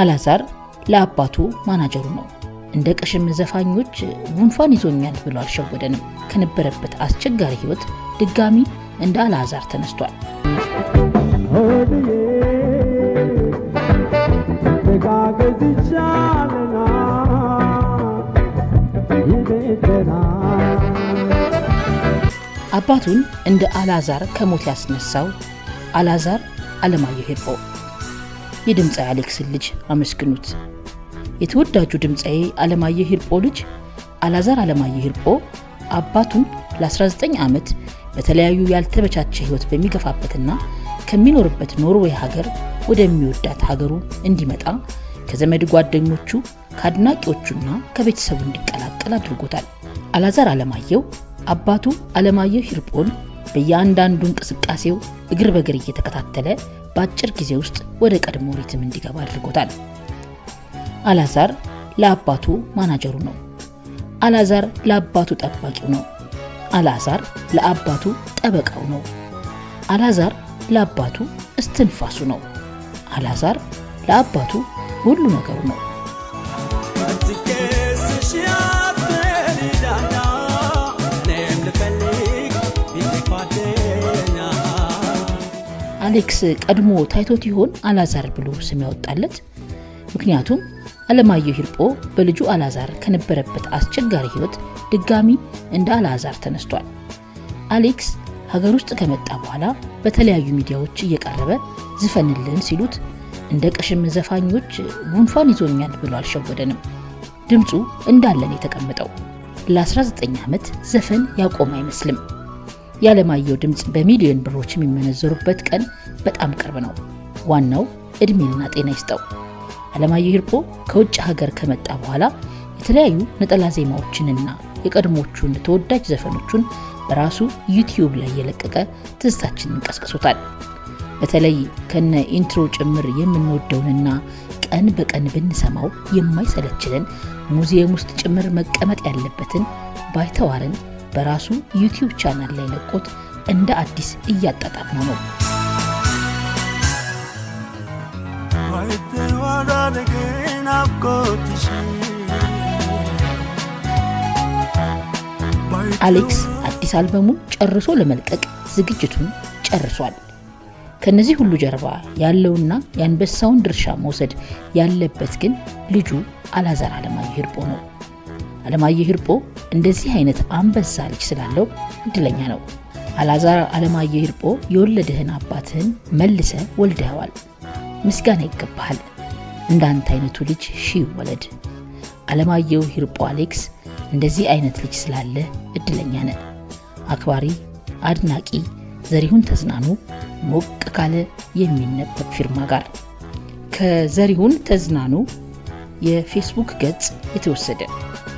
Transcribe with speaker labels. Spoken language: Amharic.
Speaker 1: አላዛር ለአባቱ ማናጀሩ ነው። እንደ ቀሽም ዘፋኞች ጉንፋን ይዞኛል ብሎ አልሸወደንም። ከነበረበት አስቸጋሪ ህይወት ድጋሚ እንደ አላዛር ተነስቷል። አባቱን እንደ አላዛር ከሞት ያስነሳው አላዛር አለማየሁ ሂርጳው የድምፃዊ አሌክስን ልጅ አመስግኑት። የተወዳጁ ድምፃዊ አለማየሁ ሂርጶ ልጅ አላዛር አለማየሁ ሂርጶ አባቱን ለ19 ዓመት በተለያዩ ያልተመቻቸ ህይወት በሚገፋበትና ከሚኖርበት ኖርዌይ ሀገር ወደሚወዳት ሀገሩ እንዲመጣ ከዘመድ ጓደኞቹ ከአድናቂዎቹና ከቤተሰቡ እንዲቀላቀል አድርጎታል። አላዛር አለማየሁ አባቱ አለማየሁ ሂርጶን በእያንዳንዱ እንቅስቃሴው እግር በእግር እየተከታተለ በአጭር ጊዜ ውስጥ ወደ ቀድሞ ሪትም እንዲገባ አድርጎታል። አላዛር ለአባቱ ማናጀሩ ነው። አላዛር ለአባቱ ጠባቂው ነው። አላዛር ለአባቱ ጠበቃው ነው። አላዛር ለአባቱ እስትንፋሱ ነው። አላዛር ለአባቱ ሁሉ ነገሩ ነው። አሌክስ ቀድሞ ታይቶት ይሆን አላዛር ብሎ ስም ያወጣለት? ምክንያቱም አለማየሁ ሂርጶ በልጁ አላዛር ከነበረበት አስቸጋሪ ህይወት ድጋሚ እንደ አላዛር ተነስቷል። አሌክስ ሀገር ውስጥ ከመጣ በኋላ በተለያዩ ሚዲያዎች እየቀረበ ዝፈንልን ሲሉት እንደ ቀሽም ዘፋኞች ጉንፋን ይዞኛል ብሎ አልሸወደንም። ድምፁ እንዳለን የተቀመጠው ለ19 ዓመት ዘፈን ያቆመ አይመስልም። የዓለማየሁ ድምፅ በሚሊዮን ብሮች የሚመነዘሩበት ቀን በጣም ቅርብ ነው። ዋናው እድሜና ጤና ይስጠው። ዓለማየሁ ሂርጶ ከውጭ ሀገር ከመጣ በኋላ የተለያዩ ነጠላ ዜማዎችንና የቀድሞቹን ተወዳጅ ዘፈኖቹን በራሱ ዩቲዩብ ላይ የለቀቀ ትዝታችንን ቀስቅሶታል። በተለይ ከነ ኢንትሮ ጭምር የምንወደውንና ቀን በቀን ብንሰማው የማይሰለችልን ሙዚየም ውስጥ ጭምር መቀመጥ ያለበትን ባይተዋርን በራሱ ዩቲዩብ ቻናል ላይ ለቆት እንደ አዲስ እያጣጣመው ነው። አሌክስ አዲስ አልበሙን ጨርሶ ለመልቀቅ ዝግጅቱን ጨርሷል። ከነዚህ ሁሉ ጀርባ ያለውና የአንበሳውን ድርሻ መውሰድ ያለበት ግን ልጁ አላዛር አለማየሁ ሂርጶ ነው። አለማየሁ ሂርጶ እንደዚህ አይነት አንበሳ ልጅ ስላለው እድለኛ ነው። አላዛር አለማየሁ ሂርጶ የወለደህን አባትህን መልሰ ወልደኸዋል። ምስጋና ይገባሃል። እንዳንተ አይነቱ ልጅ ሺ ወለድ አለማየሁ ሂርጶ አሌክስ እንደዚህ አይነት ልጅ ስላለ እድለኛ ነህ። አክባሪ አድናቂ ዘሪሁን ተዝናኑ ሞቅ ካለ የሚነበብ ፊርማ ጋር ከዘሪሁን ተዝናኑ የፌስቡክ ገጽ የተወሰደ